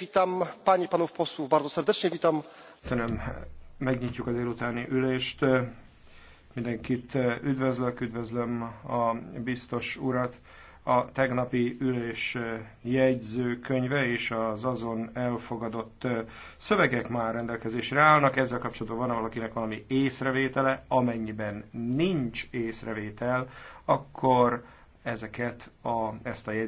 Witam pani, panów posłów bardzo serdecznie, witam. Köszönöm, megnyitjuk a délutáni ülést. Mindenkit üdvözlök, üdvözlöm a biztos urat. A tegnapi ülés jegyzőkönyve és az azon elfogadott szövegek már rendelkezésre állnak. Ezzel kapcsolatban van valakinek valami észrevétele, amennyiben nincs észrevétel, akkor ezeket a, ezt a jegyzőkönyvet